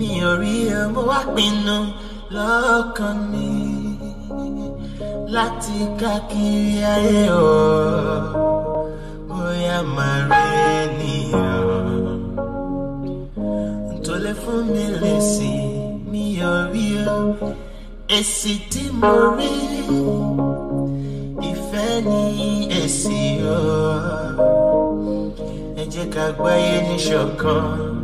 mi ò rí o mo wá pinnu lọ́kàn mi láti káàkiri ayé o bóyá máa rí ènìyàn tó lè fún mi lè sí mi ò rí o èsì tí mo rí ìfẹ́ ní èsì o ẹ jẹ́ ká gbáyé ní